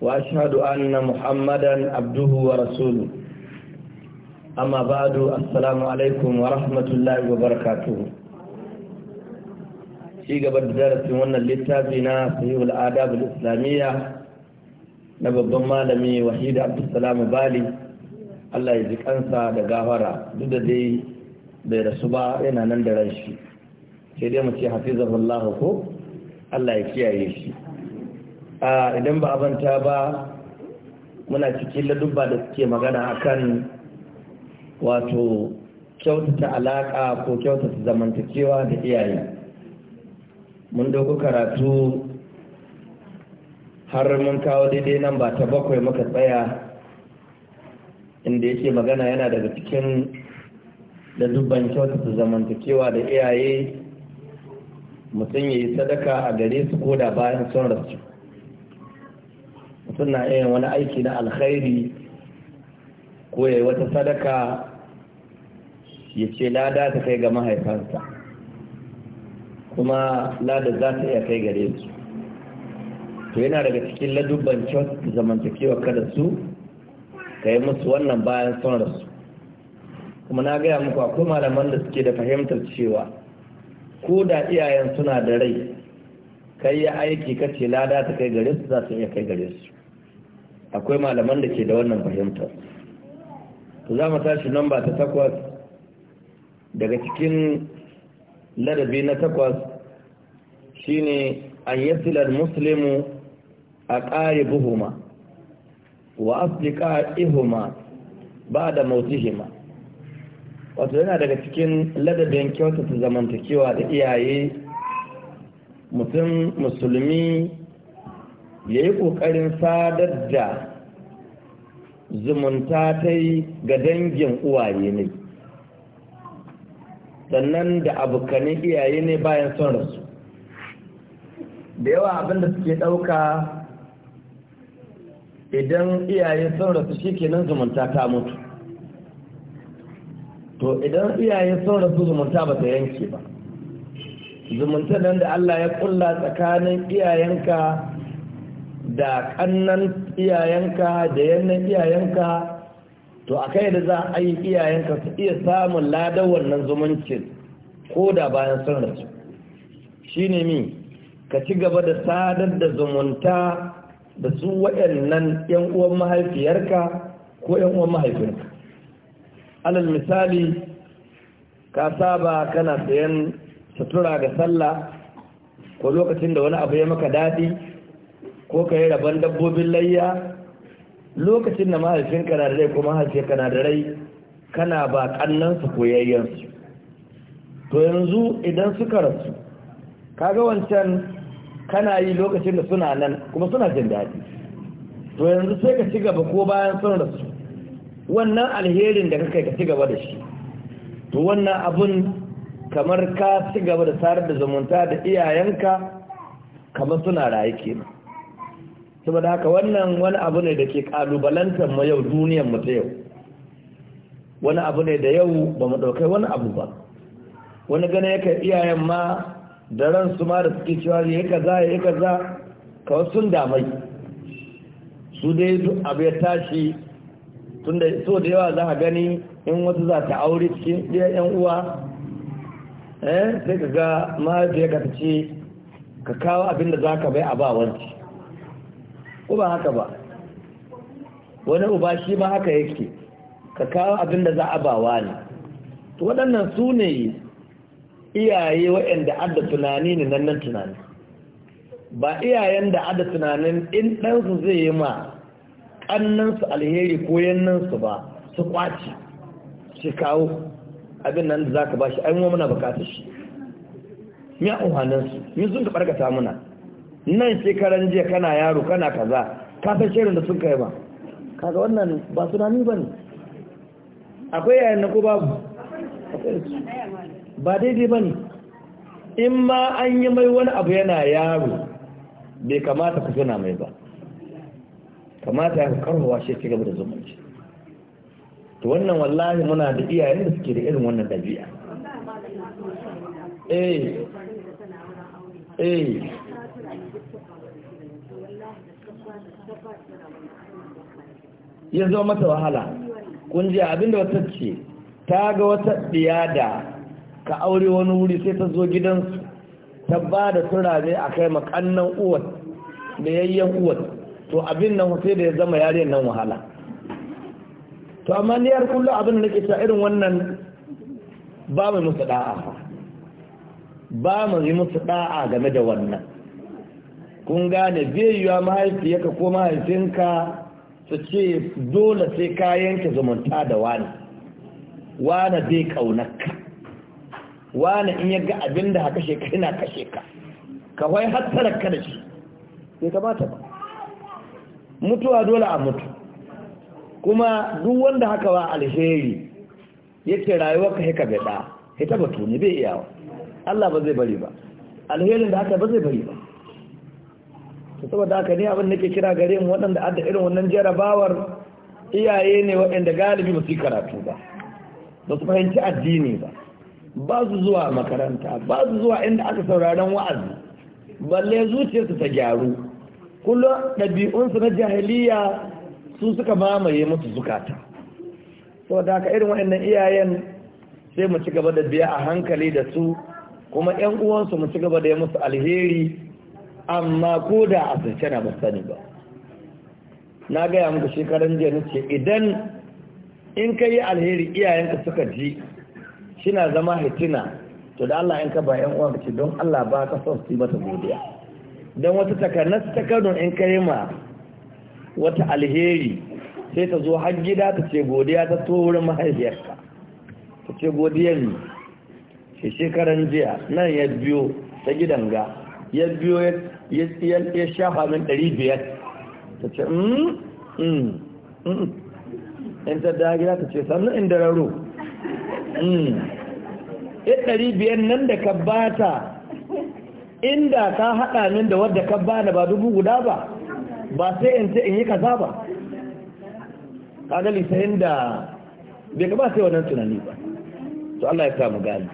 وأشهد أن محمدا عبده ورسوله أما بعد السلام عليكم ورحمة الله وبركاته في قبل درس من لتابنا صحيح الآداب الإسلامية نبض مالمي وحيد عبد السلام بالي Allah ya ji kansa da gafara duk da dai bai rasu ba yana nan da ran shi sai dai mu ce hafizahullahu ko Allah ya kiyaye shi idan ba abanta ba muna cikin ladubba da suke magana akan wato kyautata alaƙa ko kyautata zamantakewa da iyaye mun dogo karatu har mun kawo daidai nan ba ta bakwai muka tsaya inda yake magana yana daga cikin ladubban kyautata zamantakewa da iyaye mutum ya yi sadaka a gare su ko da bayan sun rasu suna yin wani aiki na alkhairi ko ya yi wata sadaka ya ce lada ta kai ga mahaifansa kuma lada za ta iya kai gare su to yana daga cikin ladubban zamantakewa kada su ka yi musu wannan bayan son kuma na gaya muku akwai malaman da suke da fahimtar cewa ko da iyayen suna da rai kai ya aiki kace lada ta kai gare su za su iya kai gare su akwai malaman da ke da wannan fahimtar za mu tashi nan ta takwas daga cikin ladabi na takwas shine an yasilar muslimu a ƙari buhuma wa afirka ihuma ba da mautihima wato yana daga cikin ladabin kyautata zamantakewa da iyaye mutum musulmi ya yi ƙoƙarin sadar da zumunta ta yi ga dangin uwaye ne sannan da abokanin iyaye ne bayan son rasu da yawa abinda suke ɗauka idan iyaye son rasu shi nan zumunta ta mutu to idan iyaye son rasu zumunta ba ta yanke ba zumunta nan da Allah ya kulla tsakanin iyayenka da kannan iyayenka da yannan iyayenka to a kai da za a yi iyayenka su iya samun ladar wannan zumuncin ko da bayan sun rasu shi ne mi ka ci gaba da sadar da zumunta da su waɗannan 'yan uwan mahaifiyarka ko 'yan uwan mahaifinka alal misali ka saba kana sayan sutura ga sallah ko lokacin da wani abu ya maka daɗi ko ka yi rabon dabbobin layya lokacin da mahaifin na da rai ko mahaifin na da rai kana ba kannansu koyayyansu to yanzu idan suka rasu kaga wancan kana yi lokacin da suna nan kuma suna jin daɗi to yanzu sai ka ci gaba ko bayan sun rasu wannan alherin da kai ka ci gaba da shi to wannan abun kamar ka ci gaba da sarar da zumunta da iyayenka kamar suna raye kenan saboda haka wannan wani abu ne da ke kalubalantar mu yau duniyar mu ta yau wani abu ne da yau ba mu ɗaukai wani abu ba wani gane yaka iyayen ma da ran su ma da suke cewa ya kaza ya yi kaza kawai sun damai su dai duk abu ya tashi tun da so da yawa za a gani in wata za ta aure cikin ɗaya uwa eh sai ka ga mahaifiyarka ta ce ka kawo abin da za ka bai a ba wanci ko ba haka ba wani uba shi ba haka yake ka kawo abin da za a ba wani to waɗannan su ne iyaye waɗanda adda tunani ne nan nan tunani ba iyayen da adda tunanin in ɗansu zai yi ma ƙannansu alheri ko yannansu ba su ƙwace shi kawo abin nan da za ka ba shi wa muna bukatar shi miya umarninsu min sun ka ɓarkata muna nan shekaran jiya kana yaro kana kaza ka san shirin da suka yi ba kaga wannan ba tunani ba ne akwai yayin na ko babu ba daidai ba ne in ma an yi mai wani abu yana yaro bai kamata ku tuna mai ba kamata ya karfawa shi ci gaba da zumunci to wannan wallahi muna da iyayen da suke da irin wannan dabi'a eh eh ya zama mata wahala kun ji abinda wata ce ta ga wata ɗiya da ka aure wani wuri sai ta zo gidansu ta ba da turare a kai makannan uwar da yayyen uwar to abin nan sai da ya zama yare nan wahala to amma ni har kullum abin da nake ta irin wannan ba mu musu da'a ba mu yi musu da'a game da wannan kun gane bai yiwa mahaifiyarka ko mahaifinka su ce dole sai ka yanke zumunta da wani wani zai kaunaka wani in ya ga abin da haka shekari na kashe ka ka wai ka da shi ka kamata ba mutuwa dole a mutu kuma duk wanda haka ba alheri yake rayuwar ka haka bai ɗa hita batu bai iyawa Allah ba zai bari ba alherin da haka ba zai bari ba saboda haka ne abin ke kira gare mu waɗanda adda irin wannan jarabawar iyaye ne waɗanda galibi ba su yi karatu ba ba su fahimci addini ba ba su zuwa makaranta ba su zuwa inda aka sauraron wa'azi balle zuciyarsu ta gyaru kullum ɗabi'unsu na jahiliya su suka mamaye musu zukata saboda haka irin waɗannan iyayen sai mu ci gaba da biya a hankali da su kuma 'yan uwansu mu ci gaba da yi musu alheri amma ko da a sirce na ba sani ba na gaya muku shekaran jiya na ce idan in ka yi alheri iyayenka suka ji na zama hitina to da Allah in ka ba yan uwanka ce don Allah ba ka son su mata godiya don wata takarnas ta Kano in ka yi ma wata alheri sai ta zo har gida ta ce godiya ta to wurin mahaifiyarka ta ce godiya ne shi shekaran jiya nan ya biyo ta gidan ga ya biyo ya shafa min ɗari biyar ta ce mm, mm, mm. in ta da gida ta ce sannan in dararo ya ɗari biyar nan da ka bata inda ka haɗa min da wadda ka bana ba dubu guda ba ba sai in ce in yi kaza ba kaga sai inda bai gaba sai wannan tunani ba to Allah ya samu gani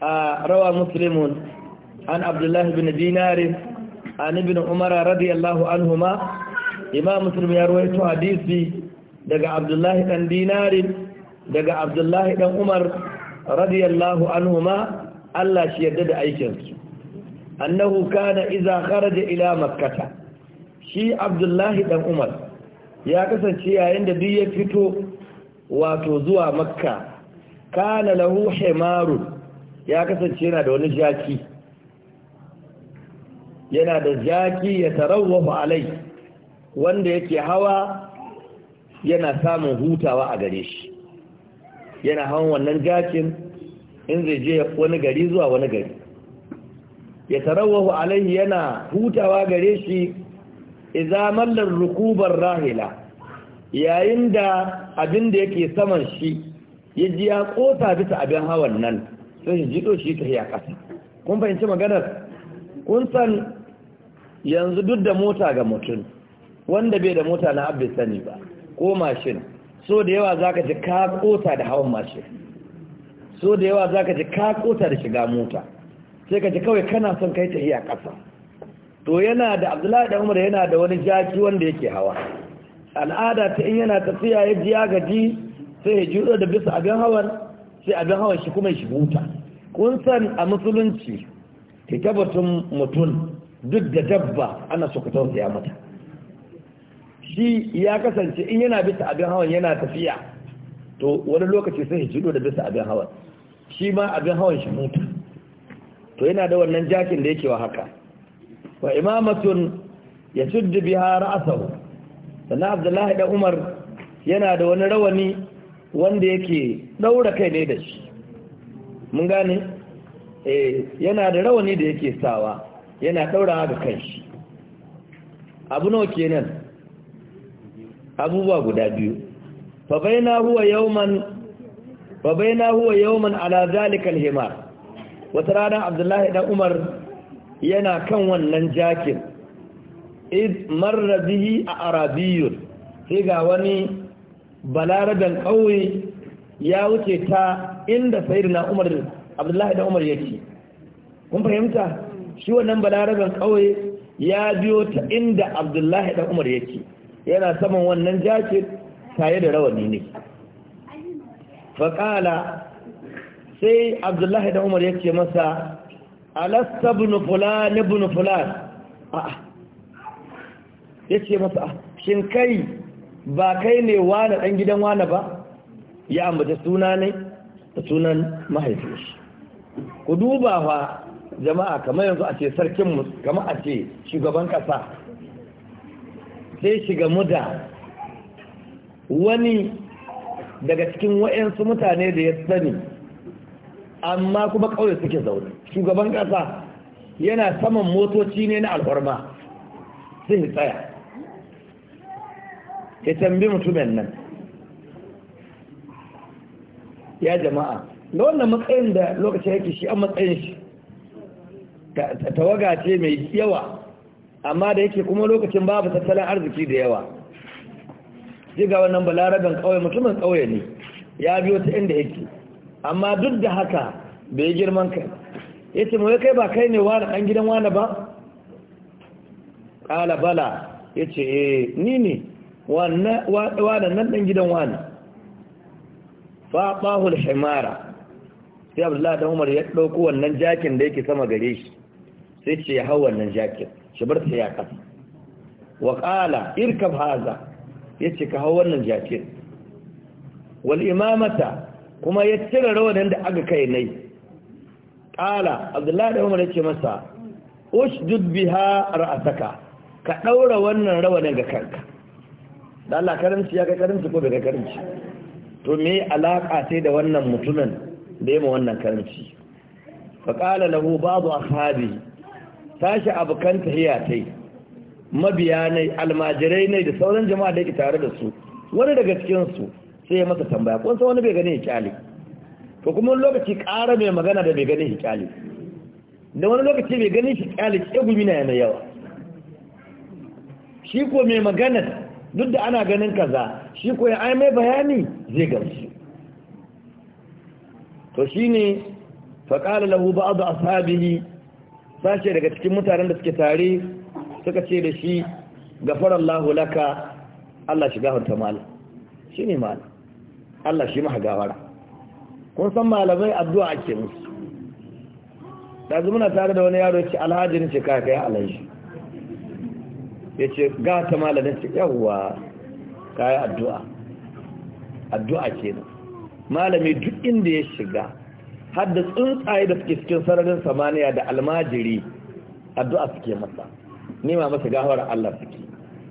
a rawa muslimun an abdullahi bin dinari an ibn umar radiyallahu anhuma imam muslim ya rawaito hadisi daga abdullahi dan dinari daga abdullahi dan umar radiyallahu anhuma Allah shi yarda da aikinsu annahu kana idza kharaja ila makkah shi abdullahi dan umar ya kasance yayin da duk ya fito wato zuwa makka kana lahu himarun ya kasance yana da wani jaki yana da jaki ya tarawa alai wanda yake hawa yana samun hutawa a gare shi yana hawan wannan jakin in zai je wani gari zuwa wani gari ya tarawa alai yana hutawa gare shi idza mallar rukubar rahila yayin da abin da yake saman shi ya ji ya kota bisa abin hawan nan sai shi jido shi ta ya kasa kun fahimci maganar kun san yanzu duk da mota ga mutum wanda bai da mota na abin sani ba ko mashin so da yawa za ka ji ka kota da hawan mashin so da yawa za ka ji ka kota da shiga mota sai ka ji kawai kana son kai ta iya kasa to yana da abdullahi da umar yana da wani jaki wanda yake hawa al'ada ta in yana tafiya ya ji ya sai ya juro da bisa abin hawan sai abin hawan shi kuma shi huta kun san a musulunci ta tabbatun mutum duk da dabba ana so ka tausaya mata shi ya kasance in yana bisa abin hawan yana tafiya to wani lokaci sai ya jido da bisa abin hawan shi ma abin hawan shi mota to yana da wannan jakin da yake wa haka wa imamatun ya suddu biha ra'sahu sannan abdullahi da umar yana da wani rawani wanda yake daura kai ne da shi mun gane eh yana da rawani da yake sawa yana ɗaurawa da kanshi abu nawa kenan abubuwa guda biyu fa baina huwa yawman huwa ala zalika alhimar wata rana abdullahi dan umar yana kan wannan jakin iz marra bihi a arabiyun sai ga wani balaraben ƙauye ya wuce ta inda sayyidina umar abdullahi dan umar yake kun fahimta shi wannan balaraben ƙauye ya biyo ta inda abdullahi ɗan umar yake yana saman wannan jakin tare da rawani ne faƙala sai abdullahi ɗan umar yake masa alasta bunu fulani bunu fulani a'a ya ce masa ah, shin kai ba kai ne wane ɗan gidan wane ba ya ambata suna ne da sunan mahaifiyar ku duba wa jama'a kamar yanzu a ce sarkin kamar a ce shugaban ƙasa sai shiga muda wani daga cikin wa'yansu mutane da ya sani amma kuma ƙauye suke zaune shugaban ƙasa yana saman motoci ne na alfarma sai tsaya ya tambi mutumin nan ya jama'a da wannan matsayin da lokacin yake shi an matsayin shi tawaga ce mai yawa amma da yake kuma lokacin babu tattalin arziki da yawa jiga wannan balarabin kauye mutumin kauye ne ya biyo ta inda yake amma duk da haka bai girman kai ya ce mawai kai ba kai ne wani dan gidan wani ba ƙala bala ya ce e ni ne wani nan ɗan gidan wani faɓahul himara sai abu da umar ya ɗauko wannan jakin da yake sama gare shi sai ce ya hau wannan jakin shi bar ta ya kasa wa ƙala irkab haza ya ce ka hau wannan jakin wal imamata kuma ya cire rawanin da aka kai nai ƙala abdullahi da umar ya ce masa ushdud biha ra'asaka ka ɗaura wannan rawanin ga kanka da Allah karanci ya ga karanci ko bai ga karanci to me alaka sai da wannan mutumin da yamma wannan karanci fa qala lahu ba'du ashabi tashi abokan tahiya tai mabiya ne almajirai ne da sauran jama'a da yake tare da su wani daga cikin su sai ya masa tambaya kun san wani bai gane hikali to kuma wani lokaci ƙara mai magana da bai gane hikali da wani lokaci bai gane hikyali ya gumina yana yawa shi ko mai magana duk da ana ganin kaza shi ko ya mai bayani zai gamsu to shine faqala lahu ba'd ashabihi sashe daga cikin mutanen da suke tare suka ce da shi gafarallahu laka Allah shi gafarta mala shi ne mala Allah shi maha gawara kun san malamai addu'a ake musu ɗazu muna tare da wani yaro ce alhaji ne ce kaya kai alhaji ya ce gata malamin ce yawwa kaya addu'a addu'a kenan malami duk inda ya shiga har da tsuntsaye da suke cikin sararin samaniya da almajiri addu'a suke masa nema masa gawar Allah suke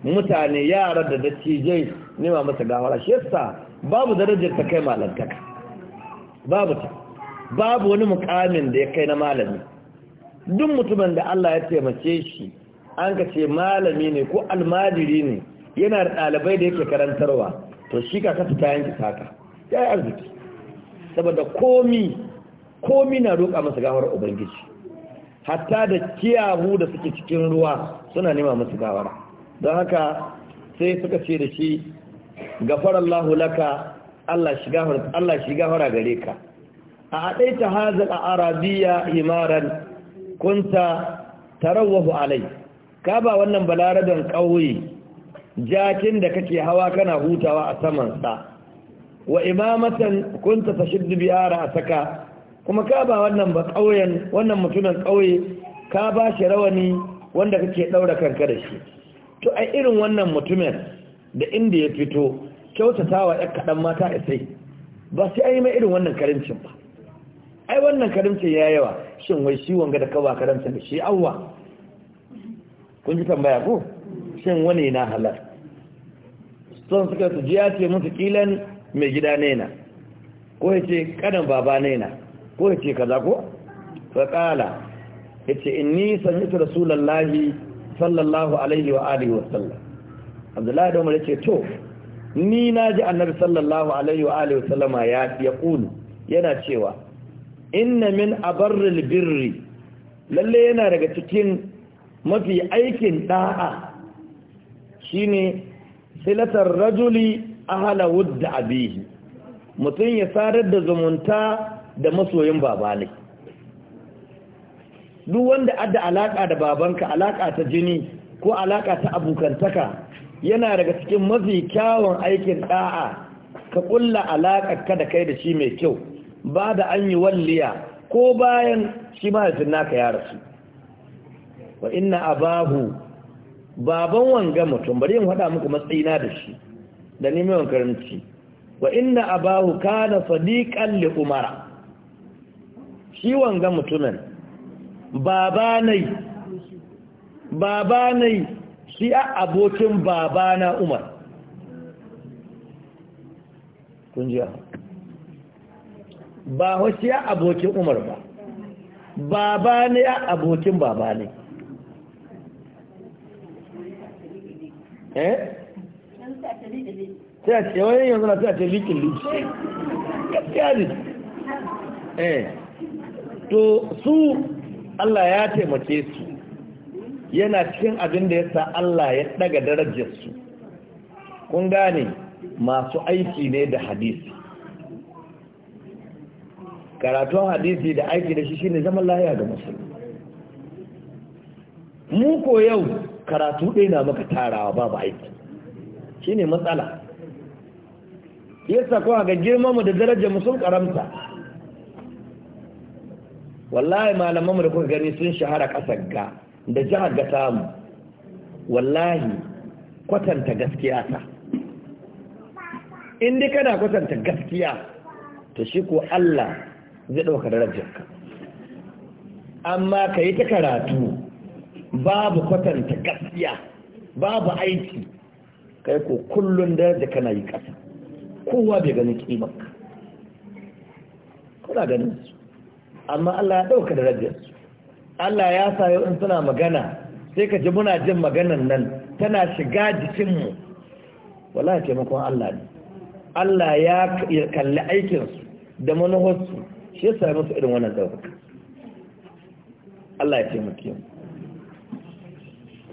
mutane yara da dattijai nema masa gawara shi yasa babu darajar ta kai malantaka babu ta babu wani mukamin da ya kai na malami duk mutumin da Allah ya taimake shi an ka ce malami ne ko almajiri ne yana da ɗalibai da yake karantarwa to shi ka kasu ta yanki saka ya yi arziki saboda komi komi na roƙa masu gawar ubangiji hatta da kiyahu da suke cikin ruwa suna nema masu gawara don haka sai suka ce da shi gafar allahu laka Allah shi gafara gare ka a adaita ta hazin a arabiya himaran kunta tarawahu alai ka ba wannan balaradan ƙauye jakin da kake hawa kana hutawa a saman sa. wa imamatan kunta tashiddu bi ara asaka kuma ka ba wannan ba ƙauyen wannan mutumin ƙauye ka ba shi rawani wanda kake ɗaura kanka da shi to a irin wannan mutumin da inda ya fito kyautata wa ‘yan kaɗan mata sai ba sai an yi mai irin wannan karimcin ba ai wannan karimcin ya yawa shin wai shi wanga da kawa karimcin da shi awwa kun ji tambaya ko shin wani na halar son suka su ji ya ce musu kilan mai gida nena. ko ya ce kanan baba nena. ko ya ce kaza ko faƙala ya ce in ni sami'tu rasulallahi sallallahu alaihi wa alihi wa sallam abdullahi da umar ya ce to ni na ji annabi sallallahu alaihi wa alihi wa sallama ya ya yana cewa inna min abarril birri lalle yana daga cikin mafi aikin da'a shine silatar rajuli ahala wudda abihi mutum ya sadar da zumunta da masoyin baba ne duk wanda adda alaka da babanka alaka ta jini ko alaka ta abokantaka yana daga cikin mafi kyawun aikin da'a ka kulla alakar ka da kai da shi mai kyau ba da an yi walliya ko bayan shi mahaifin naka ya rasu wa inna abahu baban wanga mutum bari yin hada muku matsayina da shi da neman karanci wa inna abahu kana sadiqan li umara shi wanga mutumin babanai babanai shi a abokin babana umar kun ji ba wasu ya abokin umar ba baba ne ya abokin baba eh sai yanzu na sai likin likin eh to su Allah ya taimake su yana cikin abin da ya sa Allah ya daga darajarsu kun gane masu aiki ne da hadisi karatun hadisi da aiki da shi shine zaman lahiya ga musulmi mu ko yau karatu ɗaya na maka tarawa babu aiki shine matsala yasa kuma ga girmanmu da darajar mu sun karamta wallahi mu da kuka gani sun shahara ƙasar ga da jihar ga samu wallahi kwatanta gaskiya ta in dai kana kwatanta gaskiya to shi ko Allah zai ɗauka darajarka amma ka yi ta karatu babu kwatanta gaskiya babu aiki kai ko kullum darajar kana yi ƙasa kowa bai gani kimanka kuna ganin su amma Allah ya ɗauka darajarsu Allah ya sayo in suna magana sai ka ji muna jin maganan nan tana shiga jikinmu wallahi taimakon Allah ne Allah ya kalli aikinsu da manuhosu shi ya musu irin wannan ɗaukaka Allah ya taimake mu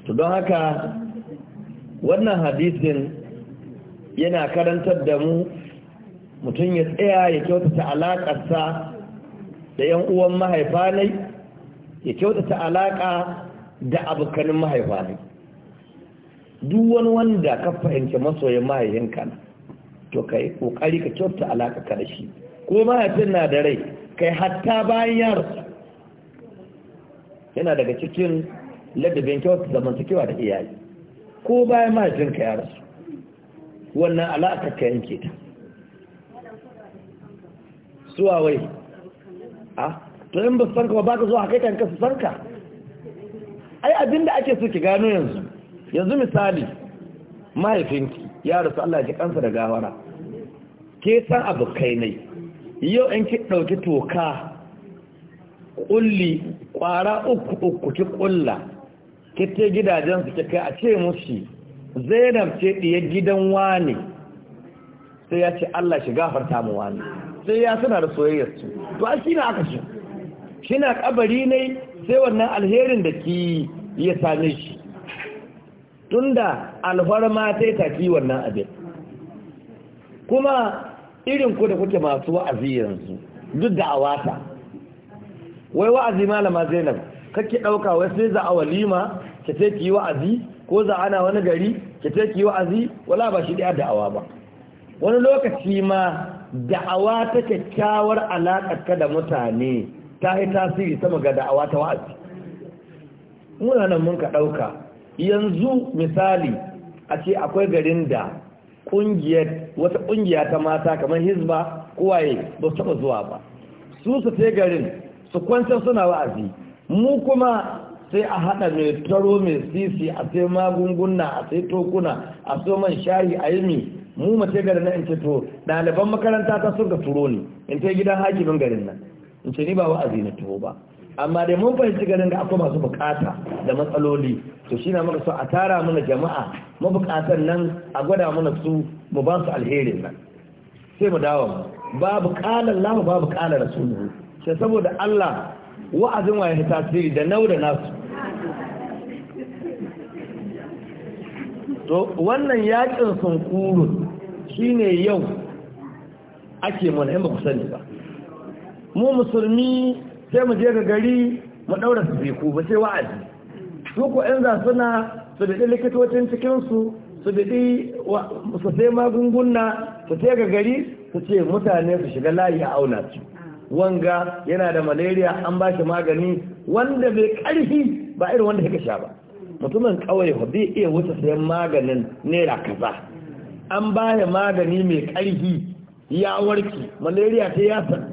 to don haka wannan hadisin yana karantar da mu mutum ya tsaya ya kyautata alaƙarsa da yan uwan mahaifa ne ya kyautata alaka da abokanin mahaifa ne duk wani wanda ka fahimci masoyin mahaifinka to kai kokari ka kyautata alaka ka da shi ko mahaifin na da rai kai hatta bayan yaro yana daga cikin ladabin kyautata zamantakewa da iyaye ko bayan mahaifinka ya rasu wannan alaka ka yanke ta wai. a to in ba su sanka ba ba ka zo a kai kanka su sanka ai abin da ake so ki gano yanzu yanzu misali mahaifinki ya rasu Allah ya kansa da gawara ke san abokai ne yau in ki ɗauki toka ƙulli ƙwara uku uku ki ƙulla ki te su ki kai a ce mushi zainab ce ɗiyar gidan wani, sai ya ce Allah shi gafarta mu wani. sai ya suna da soyayyar su to a shine aka shi shina kabari ne sai wannan alherin da ki ya same shi tunda alfarma sai ta fi wannan abin kuma irin ku da kuke masu wa'azi yanzu duk da awata wai wa'azi malama Zainab kake ɗauka wai sai za a walima ki sai ki yi wa'azi ko za ana wani gari ki sai ki wa'azi wala ba shi da da'awa ba wani lokaci ma da'awa ta kyakkyawar alaƙarka da mutane ta yi tasiri sama ga da'awa ta wa'azi muna nan mun ka ɗauka yanzu misali a ce akwai garin da ƙungiyar wata ƙungiya ta mata kamar hizba kowaye ba su taɓa zuwa ba su su garin su kwanta suna wa'azi mu kuma sai a haɗa mai taro mai sisi a sai magunguna a sai tokuna a so man shayi a yimi mu mace gari na in ce to ɗaliban makaranta ta sun ka turo ni in ta gidan hakimin garin nan in ce ni ba wa'azi na tuho ba amma dai mun fahimci garin da akwai masu bukata da matsaloli to shi na muka so a tara mana jama'a mabukatan nan a gwada mana su mu ba su alherin nan sai mu dawo mu babu kalan lamu babu kalan rasulu sai saboda Allah wa'azin waye tasiri da nau da nasu to wannan yakin sunkurun shine yau ake mana yamma ku sani ba mu musulmi sai mu je ga gari mu daura su beku ba sai wa'azi su ku yan za suna su daɗi likitocin cikinsu su daɗi su sai magunguna su sai ga gari su ce mutane su shiga layi a auna su wanga yana da malaria an ba shi magani wanda bai ƙarfi ba irin wanda yake sha ba mutumin kawai ba zai iya wuce sayan maganin naira kaza an baya magani mai ƙarfi ya warki malaria ta ya san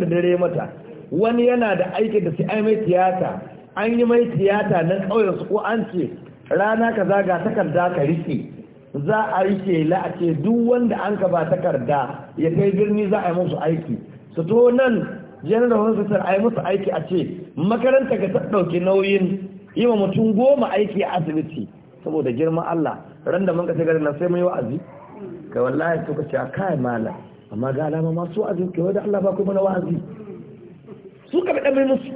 da dare mata wani yana da aiki da su ai mai tiyata an yi mai tiyata na ƙauyensu su ko an ce rana kaza ga takarda ka rike za a rike la a ce duk wanda an ka ba takarda ya kai birni za a yi musu aiki su to nan general hospital a yi musu aiki a ce makaranta ka ta ɗauki nauyin yi wa mutum goma aiki a asibiti saboda girman Allah ran da mun ka garin nan sai mun yi wa'azi kai wallahi to kace a kai mala amma ga alama ma su azin kai wanda Allah ba ku mana wa'azi su ka bi dan mai musu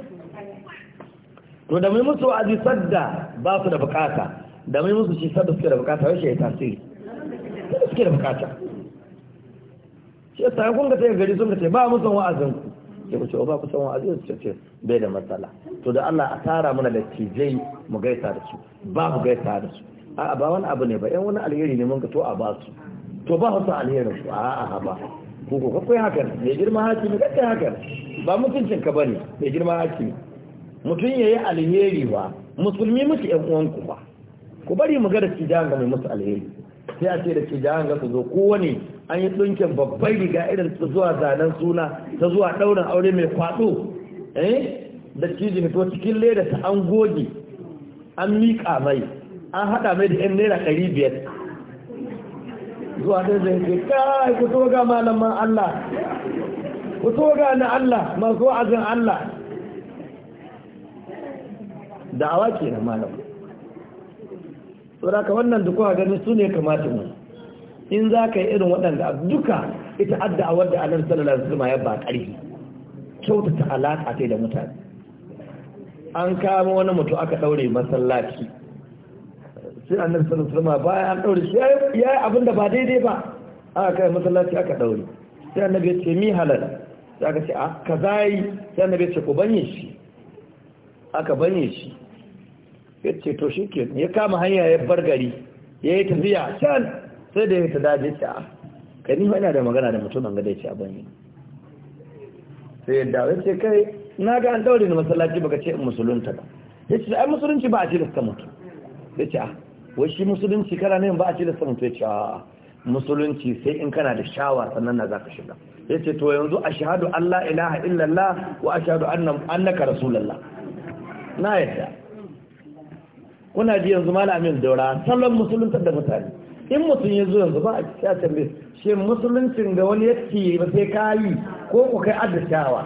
to da mai musu wa'azi sadda ba su da bukata da mai musu shi sadda suke da bukata wai shi ya tasiri suke da bukata shi yasa kun ga sai gari sun ka ce ba musu wa'azin ku sai ku ce ba ku san wa'azi su ce bai da matsala to da Allah a tara mana da tijai mu gaisa da su ba mu gaisa da su a'a ba wani abu ne ba yan wani alheri ne mun ka to a ba su to ba su alherin su a'a ba ko ko kai haka ne girma hakimi kai haka ba mutuncin ka bane ne girma hakimi mutum yayi alheri ba musulmi muke yan uwanku ba ku bari mu ga da tijai ga mai musu alheri sai a ce da ke jahan ga su zo kowane an yi tsunkin babban riga irin ta zuwa zanen suna ta zuwa ɗaurin aure mai kwaɗo eh da cikin fito cikin leda ta an goge an miƙa mai an haɗa mai da 'yan naira ɗari biyar zuwa ɗaya zai ce kai ku toga malaman Allah ku toga na Allah masu wa'azin Allah da awa ke na malaman saboda wannan duk kuka gani su ne kamata mu in za ka yi irin waɗanda duka ita adda a wadda annabi sallallahu alaihi wasallam ya ba ƙarfi kyautata alaƙa ta da mutane an kama wani mutum aka daure masallaci sai annabi sallallahu alaihi wasallam baya an daure shi ya yi abinda ba daidai ba aka kai masallaci aka daure sai annabi ya ce mi halal sai aka ce a kaza yi sai annabi ya ce ku banye shi aka banye shi ya ce to shi ke ya kama hanya ya bar gari ya yi tafiya can sai da ya ta daji ce a kani ni ina da magana da mutumin ga dai ce a banyi sai yadda ya ce kai na ga an daure ni masallaci baka ce in musulunta ba ya ce ai musulunci ba a ce lasta mutu ya ce a ah, wai shi musulunci kana ne ba a ce lasta mutu ya ce a musulunci sai in kana da shawa sannan na za ka shiga ya ce to yanzu a shahadu Allah ilaha illallah wa a shahadu annaka rasulallah na yadda kuna ji yanzu malamin daura salon musulunta da mutane in mutum ya zo yanzu ba a cikin tambaye shi musuluncin ga wani yake ba sai ka yi ko ku kai addashawa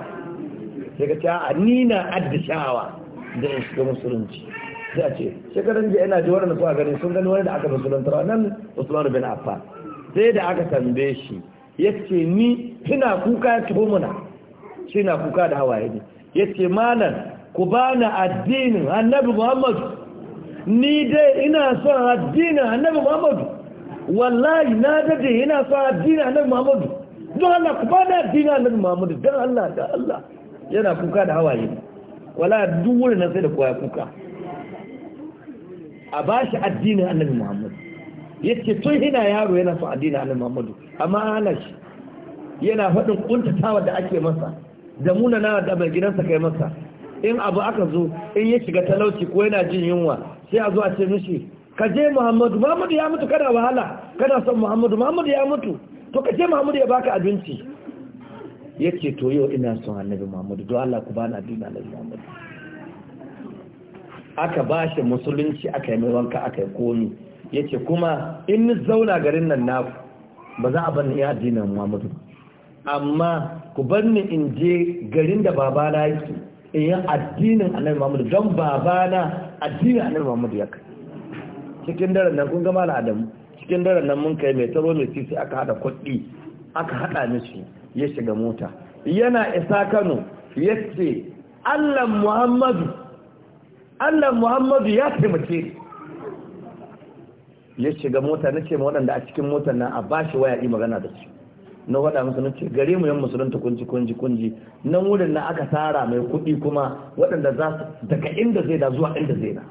sai ka cewa a nina addashawa da in shiga musulunci sai a ce shekaran jiya ina ji waɗanda suka gani sun gani wani da aka musulunta nan musulman rubin afa sai da aka tambaye shi ya ce ni kina kuka ya tuho muna shi na kuka da hawaye ne ya ce malam ku bani addinin annabi muhammadu ni dai ina son addinin annabi muhammadu wallahi na dade ina son addinin annabi muhammadu don Allah ku bada addinin annabi muhammadu don Allah da Allah yana kuka da hawaye wala duk wurin nan sai da kowa kuka a bashi addinin annabi muhammadu yace tun ina yaro yana son addinin annabi muhammadu amma ana shi yana faɗin kuntatawa da ake masa da munana da mai gidansa kai masa in abu aka zo in ya shiga talauci ko yana jin yunwa sai a zo a ce mishi ka je muhammadu muhammadu ya mutu kana wahala kana son muhammadu muhammadu ya mutu to ka je muhammadu ya baka abinci ya ce to yau ina son annabi muhammadu don allah ku bani abin annabi muhammadu aka ba shi musulunci aka yi mai wanka aka yi komi ya ce kuma in ni zauna garin nan naku ba za a bar ni ya addinin muhammadu amma ku bar ni in je garin da babana yake in yi addinin annabi muhammadu don babana addini annabi Muhammad ya kai cikin daren nan kun ga malam Adamu cikin daren nan mun kai mai taro mai titi aka hada kuɗi aka hada mishi ya shiga mota yana isa Kano yace Allah Muhammadu Allah Muhammadu ya taimake ya shiga mota nace ma waɗanda a cikin motar nan a bashi waya yi magana da su na wada musu gare mu yan musulunta kunji kunji kunji nan wurin na aka tsara mai kuɗi kuma waɗanda za su daga inda zai da zuwa inda zai da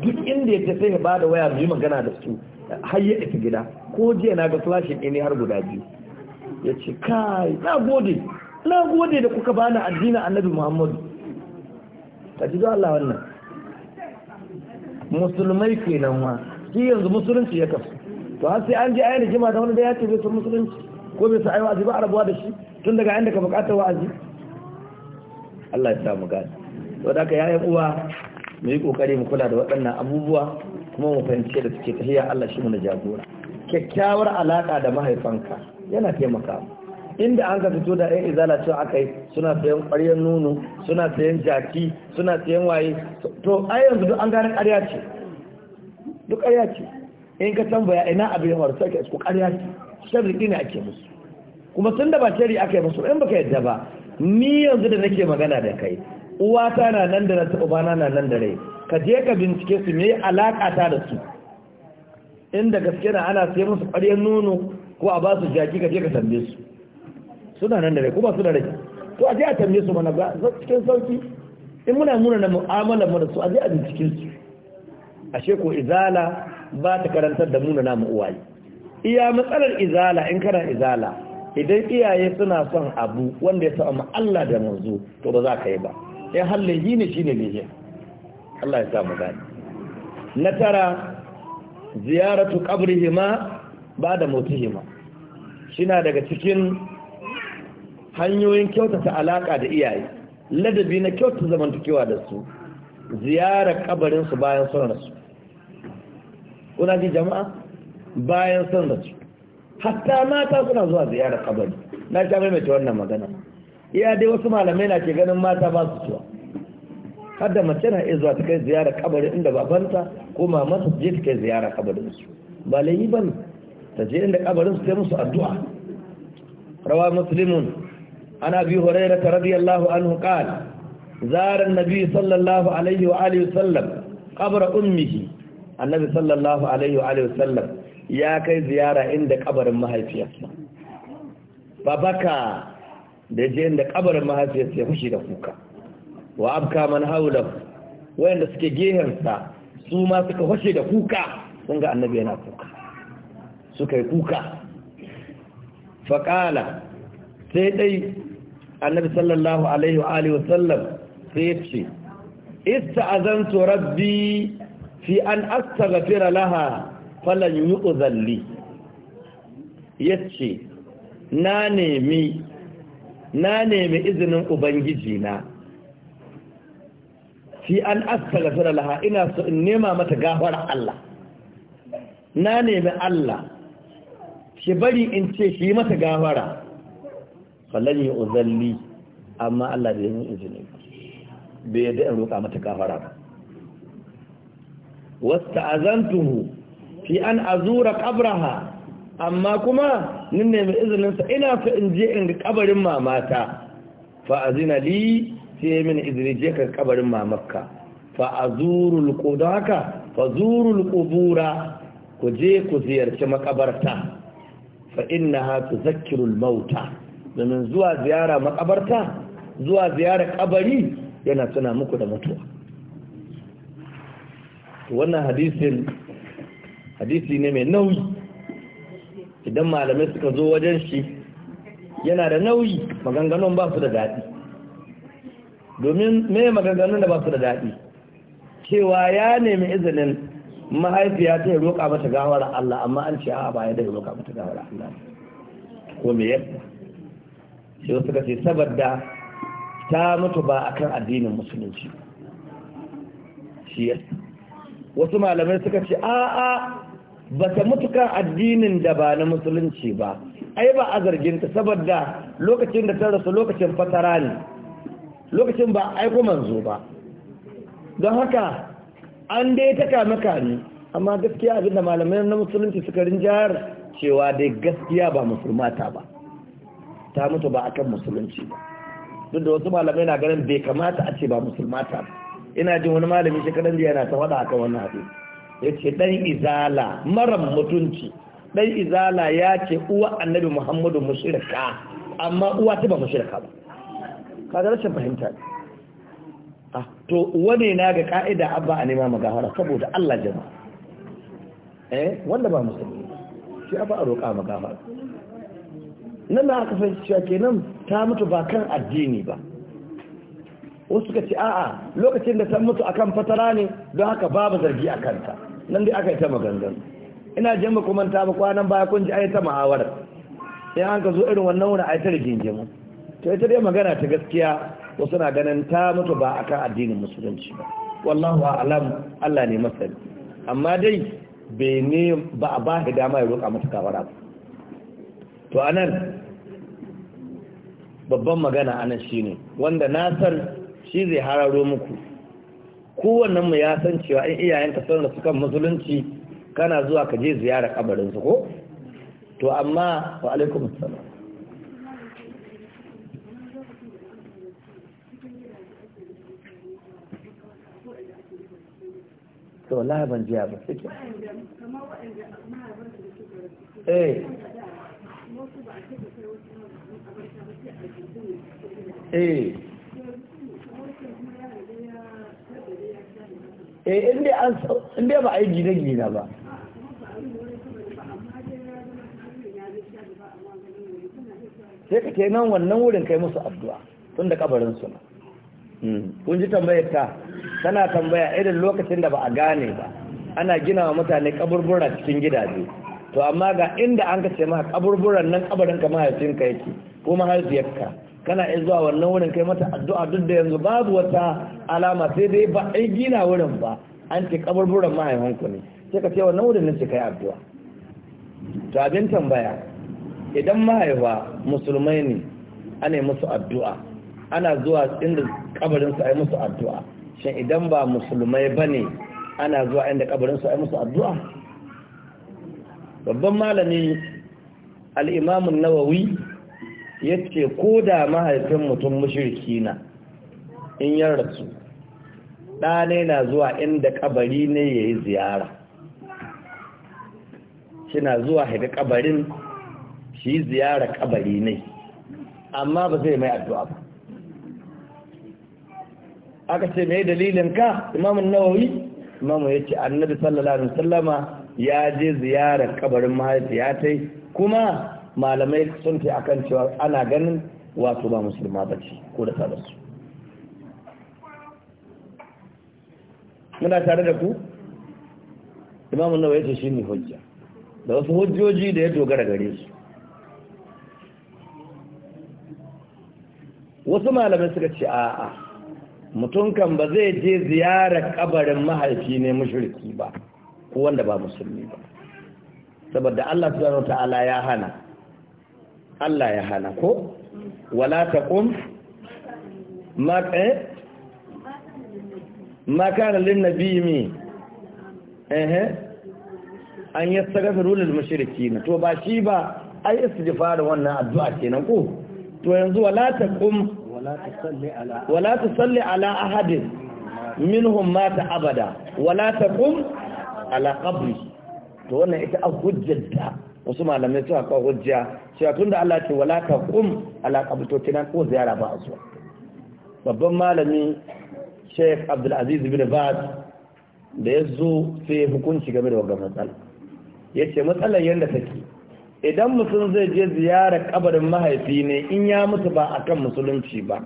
duk inda ya sai ya ba da waya mu yi magana da su har ya tafi gida ko jiya na ga flashin ɗini har guda biyu ya ce kai na gode na gode da kuka bani addinin annabi muhammadu ka ji Allah wannan musulmai kenan wa shi yanzu musulunci ya kasu to har sai an je ayyana jima da wani da ya ce bai san musulunci ko bai sa ai wa'azi ba a rabuwa da shi tun daga inda ka bukatar wa'azi Allah ya samu gani to da ka yayin uwa mu yi kokari mu kula da waɗannan abubuwa kuma mu fahimci da suke tahiya Allah shi mu na jagora kyakkyawar alaka da mahaifanka yana taimaka inda an ka fito da ɗan izala cewa aka yi suna sayan ƙwaryar nono suna sayan jaki suna sayan waye to ai yanzu duk an gane ƙarya ce duk ƙarya ce in ka tambaya ina abin yawar sai ka ƙarya ce sharri ne ake musu kuma tun da ba sharri aka yi musu in baka yadda ba ni yanzu da nake magana da kai uwata na nan da na taɓa bana na nan da rai ka je ka bincike su me alaƙa ta da su inda gaske na ana sai musu ƙwaryar nono ko a ba su jaki ka je ka tambaye su suna nan da rai kuma suna rai to a je a tambaye su mana ba cikin sauki in muna muna na mu'amala mu da su a je a bincike su ashe ko izala ba ta karantar da muna namu uwaye iya matsalar izala in kana izala idan iyaye suna son abu wanda ya samu Allah da manzo to ba za ka yi ba in eh, yi ne shine lehin Allah ya sa mu gani na tara ziyaratu qabrihima ba da shi shina daga cikin hanyoyin kyautata alaƙa da iyaye ladabi na kyauta zamantakewa da su ziyarar kabarin bayan sunan su kuna ji jama'a bayan son zaci hatta mata suna zuwa ziyara kabari na sha maimaita wannan magana iya dai wasu malamai na ke ganin mata ba su zuwa har da mace na iya zuwa ta kai ziyara kabari inda babanta ko mamata je ta kai ziyara kabarin su ba laifi ba ne ta je inda kabarin su ta musu addu'a rawa muslimun an abi hurairah radiyallahu anhu qala zara an-nabi sallallahu alaihi wa alihi wasallam kabar ummihi annabi sallallahu alaihi wa alihi wasallam ya kai ziyara inda kabarin mahaifiyarsa babaka da je inda kabarin mahaifiyarsa ya fushi da kuka wa abka man haula wayanda suke gehensa su ma suka fushi da kuka sun ga annabi yana kuka suka yi kuka faƙala sai dai annabi sallallahu alaihi wa alihi wasallam sai ya ce azantu rabbi fi an astaghfira laha falan yi uzalli ya ce na nemi na nemi izinin ubangiji na fi an astaghfira laha ina so in nema mata gafara Allah na nemi Allah shi bari in ce shi mata gafara falan yi uzalli amma Allah da yin izini bai yadda in roƙa mata gafara ba wasta azantuhu fi an azura kabraha amma kuma nin nemi izininsa ina so in je in ga kabarin mamata fa azina li sai min izini je ka kabarin mamakka fa azurul qudaka haka fa zurul qubura ku je ku ziyarci makabarta fa innaha al mauta domin zuwa ziyara makabarta zuwa ziyara kabari yana tuna muku da mutuwa wannan hadisin hadisi ne mai nauyi idan malamai suka zo wajen shi yana da nauyi maganganun ba su da daɗi domin me maganganun da ba su da daɗi cewa ya nemi izinin mahaifiya ta roƙa mata gawar Allah amma an ce a ba ya da roƙa mata gawar Allah ko me yadda sai wasu ka ce saboda ta mutu ba akan addinin musulunci shi ya wasu malamai suka ce a a ba ta mutu kan addinin da ba na musulunci ba ai ba a zarginta saboda lokacin da ta rasu lokacin fatara ne lokacin ba aiko manzo ba don haka an dai ta kame kame amma gaskiya abin da malamai na musulunci suka jihar cewa dai gaskiya ba musulmata ba ta mutu ba akan musulunci ba duk da wasu malamai na ganin bai kamata a ce ba musulmata ba ina jin wani malami shekarun da yana ta wada akan wannan hadisi ya ce ɗan izala mara mutunci ɗan izala ya ce uwa annabi muhammadu mashirka amma uwa ta ba mashirka ba kaga rashin fahimta ne ah, to wane na ga ka'ida abba a nema magahara saboda allah jama eh wanda ba musulmi shi abba a roƙa magahara nan na aka fahimci cewa kenan ta mutu ba kan addini ba wasu ka ce a'a lokacin da ta mutu akan fatara ne don haka babu zargi a kanta nan dai aka yi ta maganganu ina jin ba kuma ta ba kwanan baya kun ji ai ta muhawara sai an ka zo irin wannan wani ai ta rigingimu to ita dai magana ta gaskiya wasu na ganin ta mutu ba akan addinin musulunci ba wallahu a'lam Allah ne masani amma dai bai ne ba a ba shi dama ya roƙa mata kawara ba to anan babban magana anan shine wanda nasar shi zai hararo muku kowannen mu ya san cewa in iyayenka sun rasu kan musulunci kana zuwa ka je ziyara kabarin su ko to amma wa alaikum assalam to wallahi ban jiya ba suke eh eh eh inda ba a yi gina-gina ba sai ka nan wannan wurin kai musu addu'a tun da kabarin suna hmm. kun ji tambayar ta tana tambaya irin lokacin da ba a gane ba ana gina wa mutane kaburbura cikin gidaje to amma ga inda an ka ce ma kaburburan nan kabarin ka mahaifinka yake ko mahaifiyarka kana iya zuwa wannan wurin kai mata addu'a duk da yanzu babu wata alama sai dai ba ai gina wurin ba an ce kaburburan mahaifanku ne sai ka ce wannan wurin ne kai addu'a to abin tambaya idan mahaifa musulmai ne ana yi musu addu'a ana zuwa inda kabarin su a yi musu addu'a shin idan ba musulmai ba ne ana zuwa inda kabarin su a yi musu addu'a babban malami al'imamun nawawi yace ko da mahaifin mutum mushriki na in ya rasu ɗane na zuwa inda kabari ne ya yi ziyara shi na zuwa haifi kabarin shi ziyara kabari ne amma ba zai mai addu'a ba aka ce mai dalilin ka imamun nawawi imamu ya ce annabi sallallahu alaihi ya je ziyarar kabarin mahaifiyatai kuma malamai sun fi akan cewa ana ganin wato ba musulma ba ce ko da su muna tare da ku imamu nawa ya ce shi ne hujja da wasu hujjoji da ya dogara gare su wasu malamai suka ce a'a mutum kan ba zai je ziyarar kabarin mahaifi ne mashirki ba ko wanda ba musulmi ba saboda Allah subhanahu ta'ala ya hana Allah ya hana ko wala taqum ma eh? ma kana lin nabiyyi mi eh, eh an yastaghfiru lil mushrikeen to ba shi ba ai istighfar wannan addu'a kenan ko to yanzu wala taqum wala salli ala ahadin minhum mata abada wala taqum ala qabri to wannan ita a hujjar da wasu malamai suka kawo hujja cewa tunda Allah ce wala kum ala qabritotina ko ziyara ba zuwa babban malami Sheikh Abdul Aziz bin Baz da ya zo sai hukunci game da wannan matsala yace matsalar yanda take idan mutum zai je ziyara kabarin mahaifi ne in ya mutu ba akan musulunci ba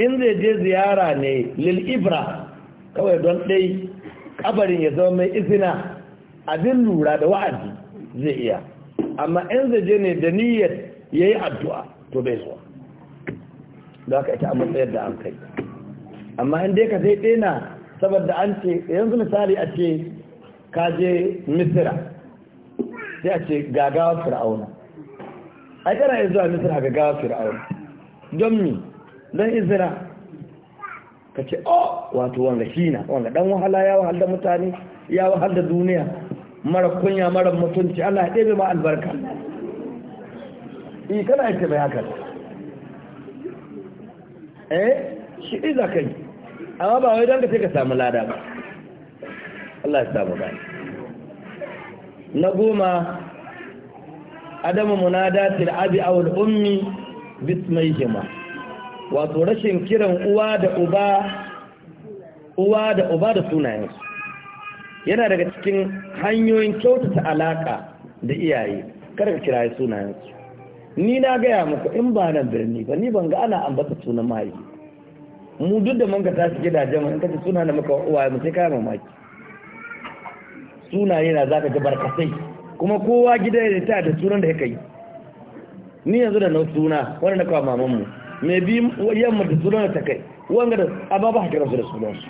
in zai je ziyara ne lil ibra kawai don dai kabarin ya zama mai izina abin lura da wa'azi zai iya amma in zaje ne da niyyar ya yi addu'a to bai zuwa da aka ita a matsayar da an kai amma in dai ka sai ɗena saboda an ce yanzu misali a ce ka je misira sai a ce gagawa fir'auna ai kana yi zuwa misira gagawa fir'auna don mi don izira ka ce oh wato wanga shi na wanga dan wahala ya wahal da mutane ya wahal da duniya mara kunya mara mutunci Allah ya ɗebe ma albarka yi eh, kana yake mai haka eh shi iza kai amma ba wai don ka ka samu lada ba Allah ya samu ba. na goma adamu munada til abi aw al ummi bismayhima wato rashin kiran uwa da uba uwa da uba da sunayensu yana daga cikin hanyoyin kyautata alaka da iyaye kada ka kira sunayensu ni na gaya muku in ba nan birni ba ni ban ga ana ambata sunan mahaifi mu duk da manka tashi gidajen mu in ka ce suna da muka uwaye mu sai kai mamaki sunaye na zaka ji barkasai kuma kowa gida ya ta da sunan da kai ni yanzu da nau suna wanda na kawo mamanmu me bi yamma da sunan da ta kai wanga da ababa haka da sunan su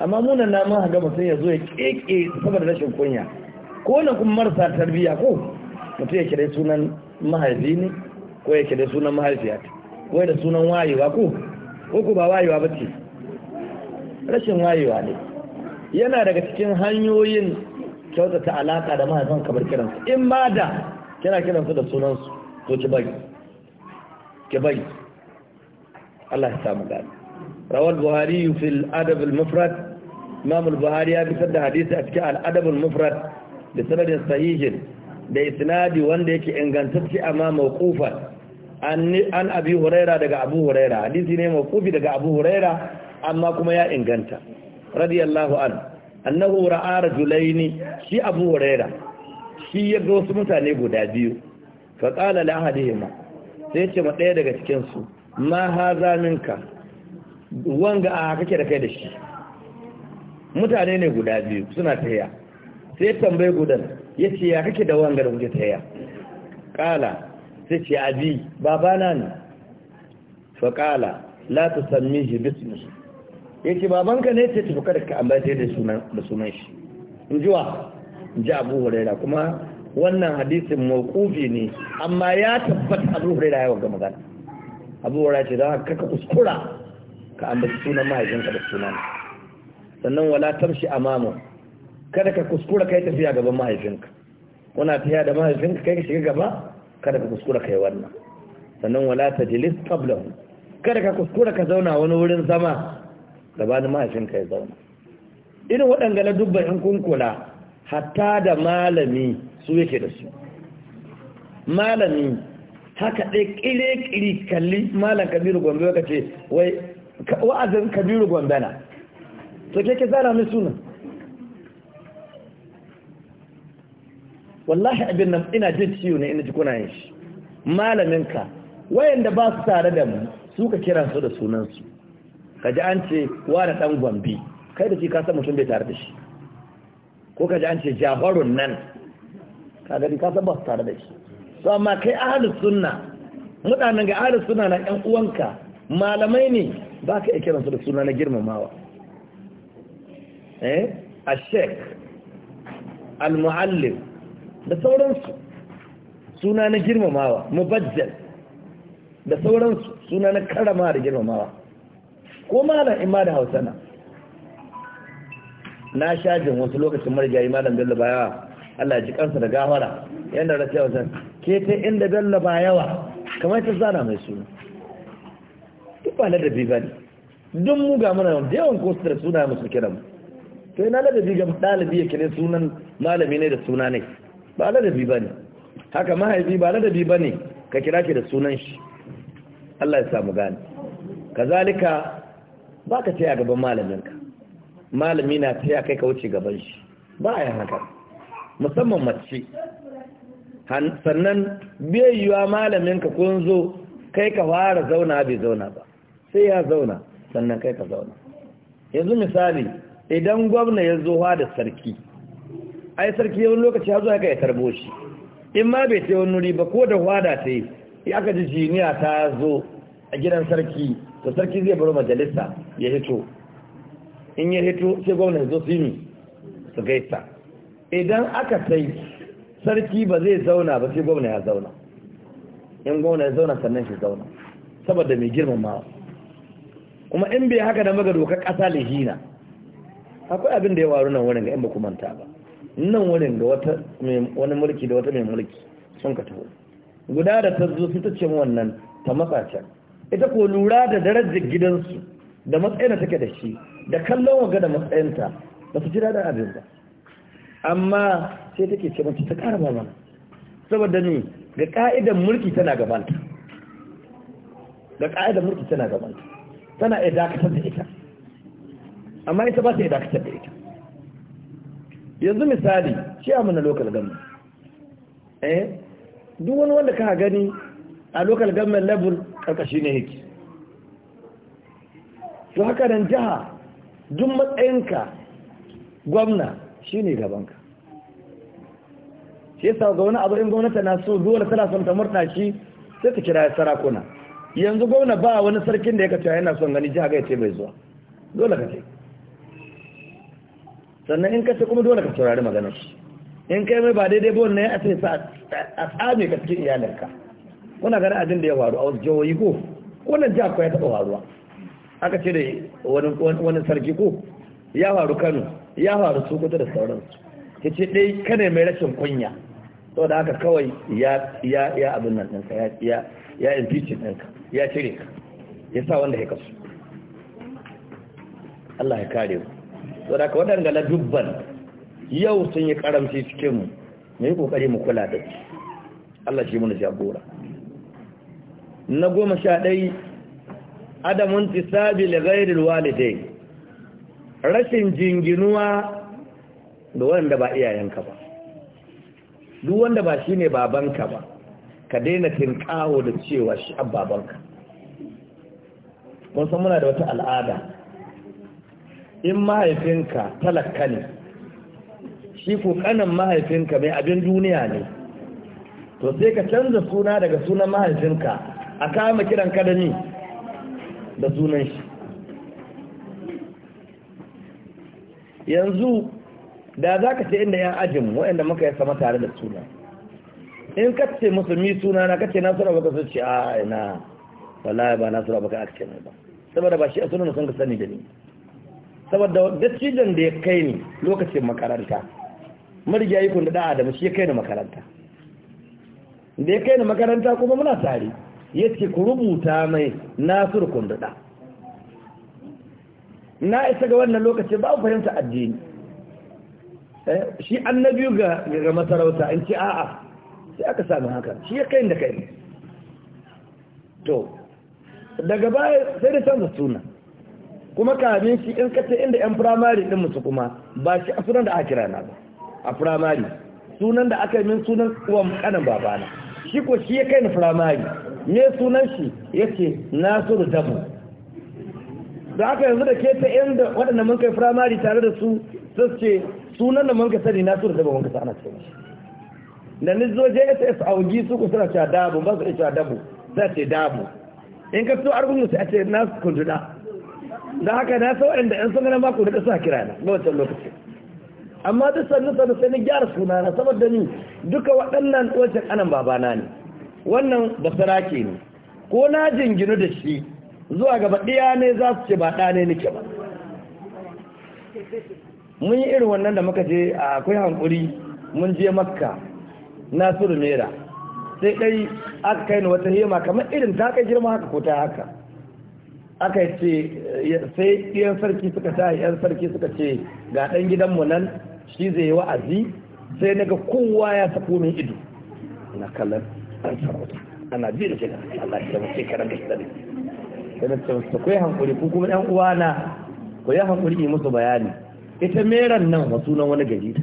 amma muna na mun haga mutum ya zo ya keke saboda rashin kunya ko na kuma marasa tarbiya ko mutum ya kira sunan mahaifi ne ko ya kira sunan mahaifiya ko da sunan wayewa ko ko ko ba wayewa ba ce rashin wayewa ne yana daga cikin hanyoyin kyautata alaka da mahaifan kamar kiransu in ma da kina kiransu da sunansu to ki bari ki bai Allah ya samu gani rawal buhari fil adab al mufrad imam al-buhari ya fitar da hadisi a cikin al mufrad da sanadin sahihin da isnadi wanda yake ingantacce amma mawqufa an abi huraira daga abu huraira hadisi ne mawqufi daga abu huraira amma kuma ya inganta radiyallahu an annahu ra'a rajulaini shi abu huraira shi ya ga wasu mutane guda biyu fa qala la ahadihima sai ce ma daya daga cikin su ma haza minka wanga a kake da kai da shi mutane ne guda biyu suna tahiya sai tambayi gudan ya ce ya kake da wanga da kuke tahiya Ƙala sai ce abi babana ne fa kala la tusammihi ya ce babanka ne ce tafi kada ka ambata da sunan da sunan shi injiwa ji Abu Hurairah kuma wannan hadisin mawqufi ne amma ya tabbata Abu Hurairah ya wanga magana Abu Hurairah ce don haka ka kuskura ka ambata sunan mahaifinka da sunan sannan wala tamshi amamu kada ka kuskura kai tafiya gaban mahaifinka kuna tafiya da mahaifinka kai ka shiga gaba kada ka kuskura kai wannan sannan wala tajlis qablahu kada ka kuskura ka zauna wani wurin zama gabanin mahaifinka ya zauna irin waɗanda na dubban in kun kula hatta da malami su yake da su malami haka ɗai ƙire-ƙiri kalli malam kabiru gombe ka ce wai wa'azin kabiru gombe na to ke ke zana min suna wallahi abin nan ina jin ciwo ne ina ji kuna yin shi malaminka wayanda ba su tare da mu suka kira su da sunansu Ka ji an ce wani dan gwambi kai da shi ka san mutum bai tare da shi ko ka ji an ce jaharun nan ka gani ka san ba su tare da shi to amma kai ahalus sunna mutanen ga ahalus sunna na yan uwanka malamai ne ba ka iya kiransu da suna na girmamawa eh al almuallim da sauransu suna na girmamawa mubajjal da sauransu suna na karama da girmamawa ko malam imma da hausa na na shajin wasu lokacin marigayi malam bello bayawa Allah ji kansa da gawara yadda rasu yawa san ke ta inda bello bayawa kamar ta zana mai suna duk ba na da biba ne duk mu ga mana da yawan ko da suna musu kiran mu to yana ladabi ga ɗalibi ya kire sunan malami ne da suna ne ba ladabi ba ne haka mahaifi ba ladabi ba ne ka kira shi da sunan shi Allah ya samu gani kazalika ba ka taya gaban malaminka malami na taya kai ka wuce gaban shi ba ya haka musamman mace sannan bai yiwa malaminka kun zo kai ka fara zauna bai zauna ba sai ya zauna sannan kai ka zauna yanzu misali idan gwamna ya zo da sarki ai sarki yawan lokaci ya zo haka ya tarbo shi in ma bai ta wani nuri ba ko da hwada ta yi ya aka ji jiniya ta zo a gidan sarki to sarki zai baro majalisa ya hito in ya hito sai gwamna ya zo su yi su gaisa idan aka sai sarki ba zai zauna ba sai gwamna ya zauna in gwamna ya zauna sannan shi zauna saboda mai girmamawa kuma in bai haka da maga doka ƙasa lihina akwai abin da ya waru nan wurin ga 'yan ba manta ba nan wurin ga wata wani mulki da wata mai mulki sun ka taho guda da ta zo sun ta ce wannan ta matsa can ita ko lura da darajar gidansu da matsayin da take da shi da kallon waga da matsayinta ba su ji daɗin abin ba amma sai take ce mace ta ƙara ba mana saboda ni ga ƙa'idan mulki tana gabanta ga ƙa'idan mulki tana gabanta tana iya dakatar da ita amma ita ba ta yi dakatar da ita yanzu misali shi a mana lokal gami eh duk wani wanda ka gani a lokal government level karkashi ne yake to haka nan jiha duk matsayinka gwamna shi gaban gabanka shi yasa ga wani abu in gwamnati na so dole tana son ta murta shi sai ta kira sarakuna yanzu gwamna ba wani sarkin da ya kacewa yana son gani jiha ga yace bai zuwa dole ka ce sannan in kace kuma dole ka saurari maganar shi in kai mai ba daidai ba wannan ya ce sa a tsame ka cikin iyalinka kuna gani abin da ya faru a wasu jihohi ko wannan jihar ko ya taɓa faruwa aka ce da wani sarki ko ya faru kano ya faru sokoto da sauransu ta ce ɗai kane mai rashin kunya saboda haka kawai ya abin nan ɗinka ya impeach ɗinka ya cire ka ya sa wanda ya kasu Allah ya kare mu saboda ka waɗanda na dubban yau sun yi karamci cikin mu mai yi kokari mu kula da shi Allah shi mun jagora na goma sha ɗai adamun tisabi li ghairil walidai rashin jinginuwa da wanda ba iyayenka ba duk wanda ba shi ne babanka ba ka daina tinkawo da cewa shi babanka mun san muna da wata al'ada in mahaifinka talaka ne shi ko kanan mahaifinka mai abin duniya ne to sai ka canza suna daga sunan mahaifinka a kama kiran ka da ni da sunan shi yanzu da za ka ce inda yan ajin waɗanda muka yi sama tare da suna in ka ce musulmi suna na kace nasara baka sun ce a ina wallahi ba nasara baka aka ne ba saboda ba shi a sunan sun ka sani da ni saboda dattijan da ya kai ni lokacin makaranta marigya yi kunda da mashi shi ya kai ni makaranta da ya kai ni makaranta kuma muna tare ya ce ku rubuta mai nasir da na isa ga wannan lokaci ba a fahimta addini eh, shi na ga ga masarauta in ce a'a sai aka sami haka shi ya kai da kai to daga baya sai da canza suna kuma kamin shi in kace inda yan firamare din musu kuma ba shi a sunan da aka kira na ba a firamare sunan da aka yi min sunan uwan kanan babana shi ko shi ya kai ni firamare me sunan shi yace nasiru dabu da aka yanzu da ke ta inda waɗanda mun kai firamare tare da su sun ce sunan da mun ka sani nasiru dabu mun ka sa ana ce mashi da ni zo jss a wuji su ku suna cewa dabu ba su iya cewa dabu sai ce dabu in ka so argungu sai a ce nasu kunduna da haka na sau inda yan sun gana maku da sa kira na na wancan lokacin amma duk sannu sannu sai ni gyara suna na saboda ni duka waɗannan wancan anan babana ne wannan basara ke ne ko na jinginu da shi zuwa gaba ɗiya ne za su ce ba ɗa ne nake ba mun yi irin wannan da muka je a akwai hankuri mun je makka nasiru mera sai ɗai aka kai ni wata hema kamar irin ta kai girma haka ko ta haka aka ce sai yan sarki suka ta yan sarki suka ce ga dan gidanmu nan shi zai yi wa'azi sai naga kowa ya sako min ido na kallon an sarauta ana jin kina Allah ya mace karan gashi dare sai na ce musu ku yi hankuri ku kuma yan uwana ku yi hankuri yi musu bayani ita meran nan wa sunan wani gari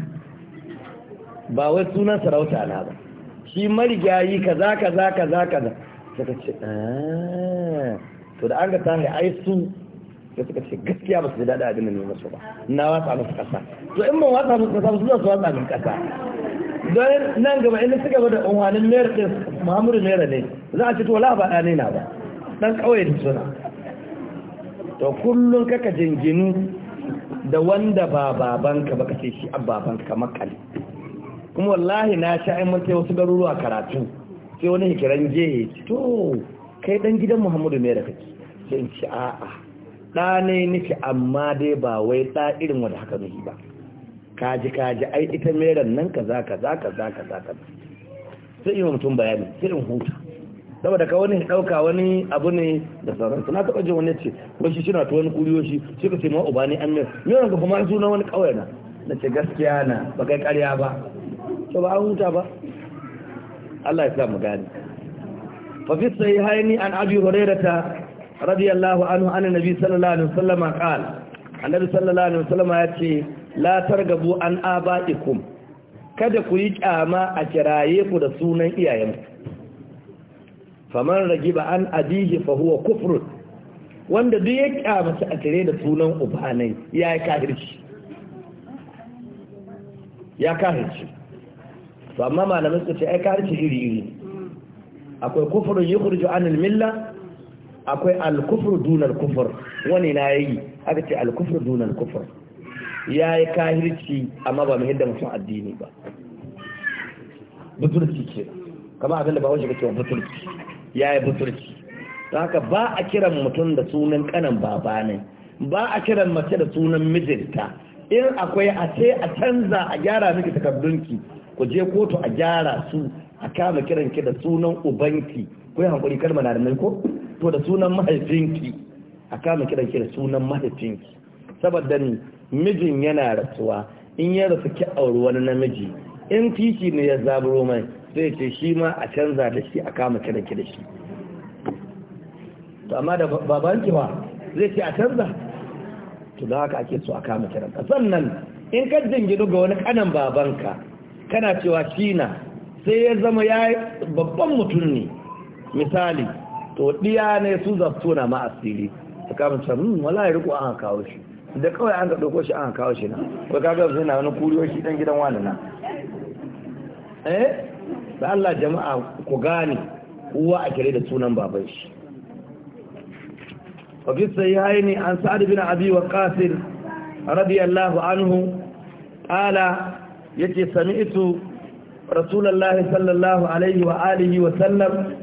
ba wai sunan sarauta na ba shi marigayi kaza kaza kaza kaza suka ce ah. to da an ga tahi ai su da suka ce gaskiya ba su ji daɗi abin da ne masu ba na watsa musu ƙasa to in ban watsa musu ƙasa su za su watsa min ƙasa don nan gaba in suka gaba da unhanin mayar ɗin muhammadu naira ne za a ce to wala ba ɗane na ba ɗan ƙauye da suna to kullum kaka jinginu da wanda ba babanka ba ka ce shi a babanka makali kuma wallahi na sha'in mun sai wasu garuruwa karatu sai wani hikiran jeye to kai dan gidan muhammadu me da kake sai in ci a'a da ne nake amma dai ba wai da irin wanda haka nuhi ba kaji kaji ai ita ran nan kaza kaza kaza kaza kaza sai yi mutum bayani sai in huta saboda ka wani ɗauka wani abu ne da sauransu na taɓa jin wani ce ko shi na ta wani kuriyo shi ka ce ma uba ne an mai yawan ka kuma an suna wani ƙauye na na ce gaskiya na ba kai ƙarya ba to ba an huta ba Allah ya sa mu gani. ففي الصحيحين عن أبي هريرة رضي الله عنه عن النبي صلى الله عليه وسلم قال النبي صلى الله عليه وسلم لا ترغبوا عن آبائكم kada ku yi kyama a kiraye ku da sunan iyayenku faman ragiba an abihi fa huwa kufrun wanda duk ya kyamata a kire da sunan ubanai ya yi kahirci ya kahirci to amma malamin su ce ai kahirci iri iri akwai yi yukhruju anil milla akwai al dunar kufur wani na yi aka ce al dunar kufur ya yi kahirci amma ba mai yadda mutum addini ba buturci ke kamar abinda ba wajen buturci ya yi buturci ta haka ba a kiran mutum da sunan kanan baba ne ba a kiran mace da sunan mijinta in akwai a ce a canza a gyara miki takardunki ku je kotu a gyara su a kama kiran ki da sunan ubanki ko ya hankuri kalma na da ko to da sunan mahaifinki a kama kiran ki da sunan mahaifinki saboda ni mijin yana rasuwa in ya rasu ki auri wani namiji in titi ne ya zaburo mai sai ce shi ma a canza da shi a kama kiran ki da shi to amma da babanki ba zai ce a canza to da haka ake so a kama kiran ka sannan in ka dinga ga wani kanan babanka kana cewa shi na sai ya zama ya yi babban mutum ne misali to diya ne su zafto na asiri ta kamar can hmm, wala ya riko an kawo shi da kawai an ka ɗauko shi an kawo shi na ka kaga zai na wani kuriyo shi ɗan gidan wani na eh da Allah jama'a ku gane uwa a kire da sunan baban shi yi sahihaini an sa'ad bin abi waqas radiyallahu anhu qala yace sami'tu rasulullahi sallallahu alaihi wa alihi wa sallam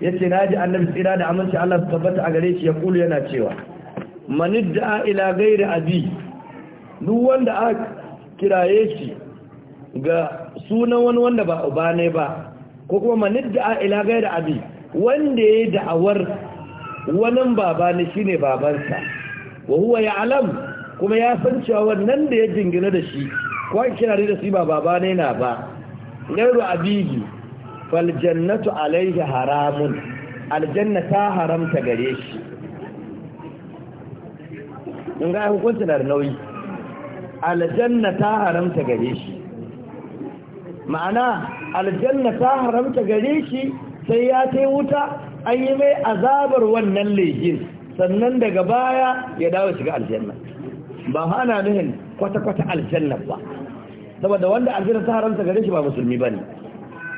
yace naji annabi tsira da aminci Allah su tabbata a gare shi ya kulu yana cewa manidda ila ghairi abi duk wanda aka kiraye shi ga sunan wani wanda ba uba ne ba ko kuma manidda ila ghairi abi wanda yayi da'awar wani baba ne shine babansa wa huwa ya'lam kuma ya san cewa wannan da ya jingina da shi ko kira da shi ba baba ne na ba gairu abihi fal jannatu alaihi haramun aljanna ta haramta gare shi in ga hukuncin da nauyi aljanna ta haramta gare shi ma'ana aljanna ta haramta gare shi sai ya tai wuta an yi mai azabar wannan laifin, sannan daga baya ya dawo shiga aljanna ba hana nuhin kwata-kwata aljanna ba saboda wanda aljanna ta haramta gare shi ba musulmi bane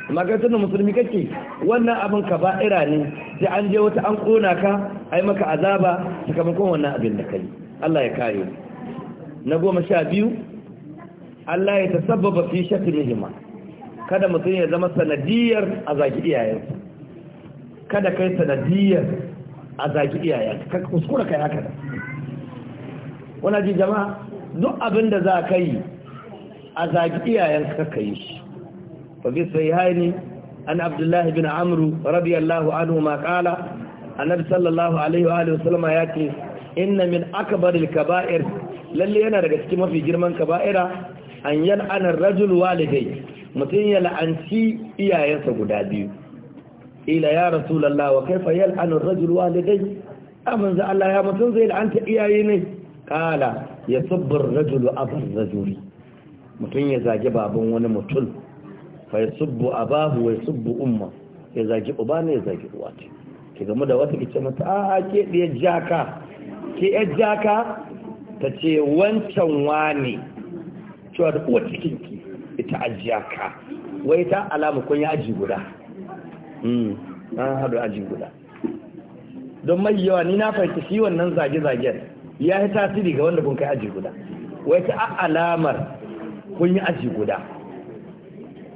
amma kai tunda musulmi kake wannan abin ka ira ne sai an je wata an kona ka ai maka azaba sakamakon wannan abin da kai Allah ya kare na goma sha biyu Allah ya tasabbaba fi shatimihima kada mutum ya zama sanadiyar a zaki iyayensa kada kai sanadiyar a zaki iyayensa ka kuskura kai haka da wannan ji jama'a duk abin da za ka yi a zagi iyayen kaka yi shi fa an abdullahi bin amru radiyallahu anhu ma sallallahu alaihi wa alihi ya ce inna min akbaril kaba'ir lalle yana daga cikin mafi girman kaba'ira an yal'ana rajul walidai mutum ya la'anci iyayensa guda biyu ila ya rasulullah wa kaifa yal'anu rajul walidai amin ah, za Allah ya mutum zai la'anta iyaye ne kala ya sabbar rajul abar rajuli mutum ya zagi baban wani mutum fa ya subbu abahu wa ya subbu umma ya zagi uba ne ya zagi uwa ce ki gamu da wata kice mata a a ke ɗiyar jaka ke ɗiyar jaka ta ce wancan ne, cewa da uwa cikinki ita a jaka wai ta alama kun ya aji guda hmm, an haɗu aji guda don mai yawa ni na fahimci shi wannan zage-zagen ya yi tasiri ga wanda kun kai aji guda wai ta alamar kun yi aji guda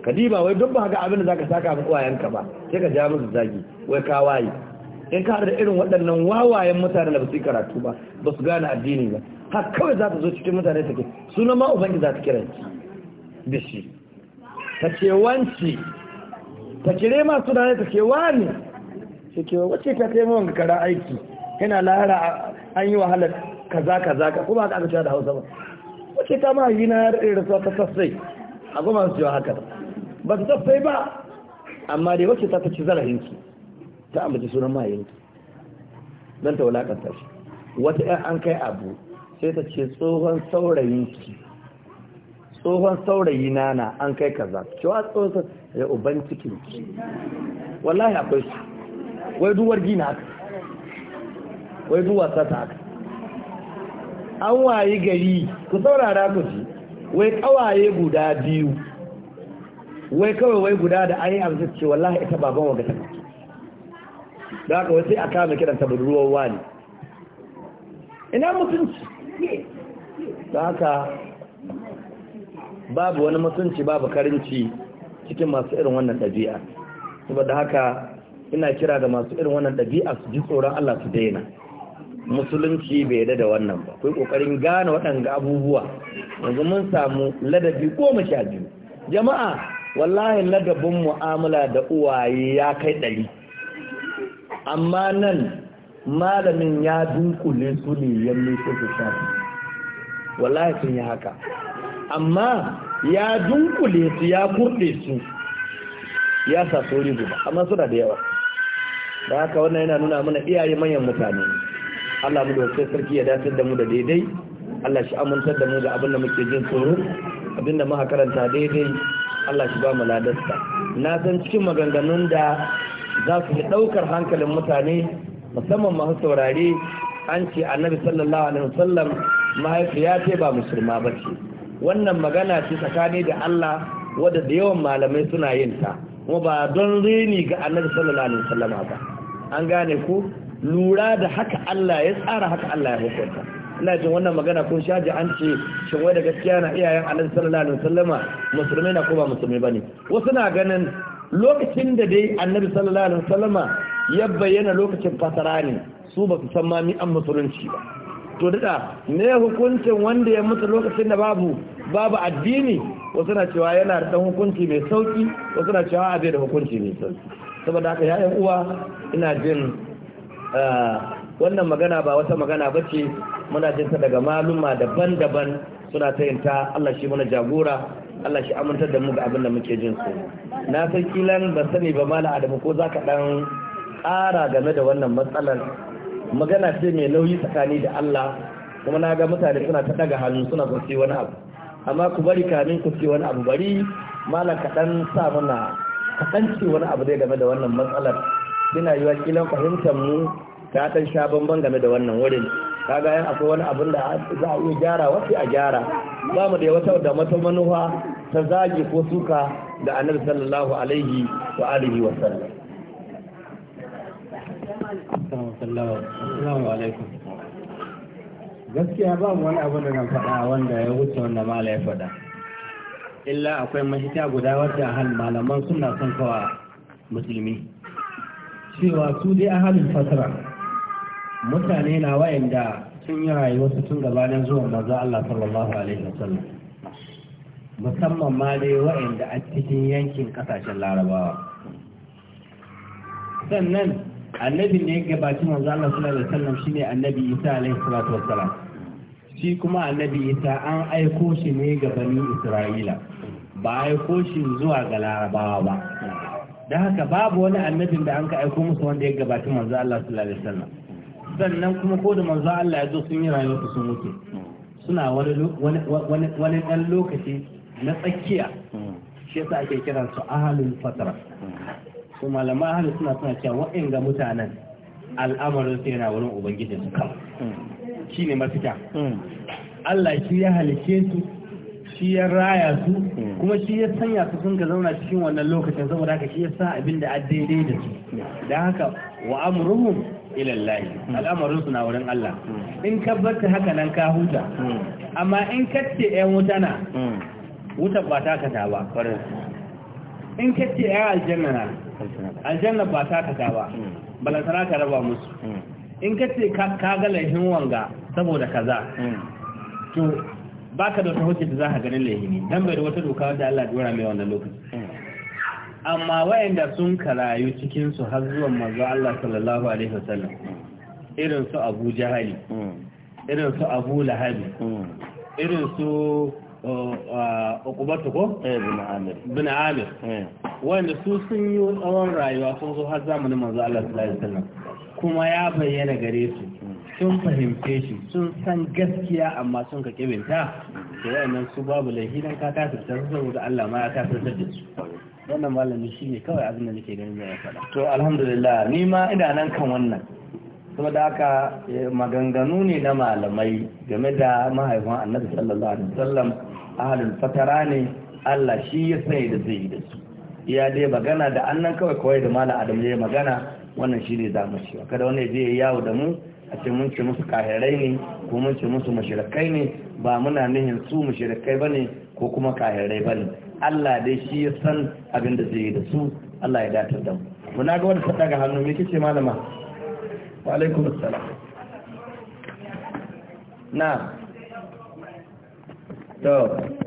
kadiba wai don ba ga abin da zaka saka mu uwayenka ba sai ka ja musu zagi wai ka waye in ka da irin waɗannan wawayen mutane da basu yi karatu ba ba su gane addini ba har kawai za ta zo cikin mutane take sunan ma ubangi za ta kira da shi ta ce wanci ta kire ma suna ne ta ce wani shi ke wace ka kai mawan kara aiki yana lahara an yi wahalar kaza kaza ka kuma aka cewa da hausa ba wace ta ma yi na rasuwa ta sassai a goma su jiwa haka ba su sassai ba amma dai wace ta ta ci zarafinki ta amince sunan mahayinki don ta wulakanta shi wata ‘yan an kai abu sai ta ce tsohon saurayinki tsohon saurayi nana an kai kaza cewa tsohon ya uban cikin ki wallahi akwai su wai duwar gina haka wai duwar sata haka an wayi gari ku saurara ku ji wai kawaye guda biyu wai kawai wai guda da anyi yi arziki ce wallahi ita baban wa gata da haka wasu aka kama kiran ta budurwar wani ina mutunci da haka babu wani mutunci babu karinci cikin masu irin wannan ɗabi'a saboda haka ina kira da masu irin wannan ɗabi'a su ji tsoron Allah su daina musulunci bai yada da wannan ba kai kokarin gane waɗanga abubuwa yanzu mun samu ladabi goma sha biyu jama'a wallahi ladabin mu'amala da uwaye ya kai ɗari amma nan malamin ya dunkule su ne ya nufin su sha wallahi sun yi haka amma ya dunkule su ya kurɗe su ya sa sori guba amma suna da yawa da haka wannan yana nuna mana iyaye manyan mutane Allah mu da wasu sarki ya dace da mu da daidai Allah shi amintar da mu da abin da muke jin tsoro abin da muka karanta daidai Allah shi ba mu ladarsa na san cikin maganganun da za su yi ɗaukar hankalin mutane musamman masu saurare an ce annabi sallallahu alaihi wasallam mahaifiya ce ba musulma ba ce wannan magana ce tsakani da Allah wadda da yawan malamai suna yin ta kuma ba don rini ga annabi sallallahu alaihi wasallam ba an gane ku lura da haka Allah ya tsara haka Allah ya hukunta ina jin wannan magana kun shaji an ce shin wai da gaskiya na iyayen Annabi sallallahu alaihi wasallama Musulmi na ko ba musulmi bane wasu na ganin lokacin da dai Annabi sallallahu alaihi wasallama ya bayyana lokacin fasara ne su ba su san ma mi an musulunci ba to dada ne hukuncin wanda ya mutu lokacin da babu babu addini wasu na cewa yana da hukunci mai sauki wasu na cewa a bai da hukunci mai sauki saboda haka yayin uwa ina jin Ah, wannan magana ba wata magana ba ce muna ta daga maluma daban-daban suna ta yin ta Allah shi mana jagora Allah shi amintar da mu ga abin da muke jin su na san kilan ba sani ba mala adamu ko zaka dan ƙara game da wannan matsalar magana ce mai nauyi tsakani da Allah kuma na ga mutane suna ta daga hannu suna so su wani abu amma ku bari kamin ku ce wani abu bari malam kaɗan sa mana kaɗan ce wani abu zai game da wannan matsalar suna yi kilan fahimtar mu ta ɗan sha bambam game da wannan wurin kaga yan akwai wani abin da za a iya gyara wasu a gyara za mu da wata da mata manufa ta zagi ko suka da annabi sallallahu alaihi wa alihi wa sallam assalamu alaikum gaskiya ba mu wani abin da na faɗa wanda ya wuce wanda mala ya faɗa illa akwai mahita guda wadda hal malaman suna son kawa musulmi cewa su dai ahalin fatara mutane na wayanda sun yi rayuwarsu tun gabanin zuwan maza Allah sallallahu alaihi wasallam musamman ma dai wayanda a cikin yankin kasashen larabawa sannan annabi ne ya gabaci manzo Allah sallallahu alaihi wasallam shine annabi Isa alaihi salatu wassalam shi kuma annabi Isa an aiko shi ne ga bani Isra'ila ba aiko shi zuwa ga larabawa ba da haka babu wani annabin da an ka aiko musu wanda ya gabaci manzo Allah sallallahu alaihi wasallam sannan kuma ko da manzo Allah ya zo sun yi rayuwa sun mutu suna wani wani wani dan lokaci na tsakiya shi yasa ake kiran su ahlul fatra su malama ahli suna suna cewa wa'inga mutanen al'amarin su yana wurin ubangiji su kawai shine mafita hmm. Allah shi ya halice su shi ya raya su hmm. kuma shi ya sanya su sun ga zauna cikin wannan lokacin saboda haka shi ya sa abin da an daidai da su da haka wa amruhum ilallahi Allah hmm. al'amarin su na wurin Allah hmm. in ka barta haka nan ka huta amma in ka ce ƴan wuta na wuta ba ta ka ta ba in ka ce ƴan aljanna na aljanna ba ta ka ta ba balantana ka raba musu in ka ce ka ga laifin wanga saboda kaza to ba ka da wata hujja da za ka ganin lahimi dan bai da wata doka wanda Allah ya mai wannan lokaci amma wayanda sun karayu cikin su har zuwan manzo Allah sallallahu alaihi wasallam irin su Abu Jahali irin su Abu Lahab irin su ukubatu uh, uh, ko? Eh, Ibn amir eh. wanda su sun yi tsawon rayuwa sun zo har zamanin manzo Allah sallallahu alaihi wasallam kuma ya bayyana gare su sun fahimce shi sun san gaskiya amma sun ka kibinta da wayannan su babu laifi don ka kafirta da Allah ma ya kafirta da su wannan malami shi ne kawai abin da nake ganin ya faɗa to alhamdulillah ni ma ina nan kan wannan kuma da haka eh, maganganu ne na malamai game da mahaifin annabi sallallahu alaihi wasallam ahalul fatara ne Allah shi ya sai da zai yi da su iya dai magana da annan kawai kawai da malam adam ya magana wannan shi ne zamu mu kada wani zai yawo da mu a ce mun ce musu kahirai ne ko mun ce musu mashirakai ne ba muna nihin su mashirakai ba ne ko kuma kahirai ba ne Allah dai shi ya san abin da zai yi da su Allah ya datar da mu muna ga wani fata ga hannu me kike malama wa alaikum assalam na to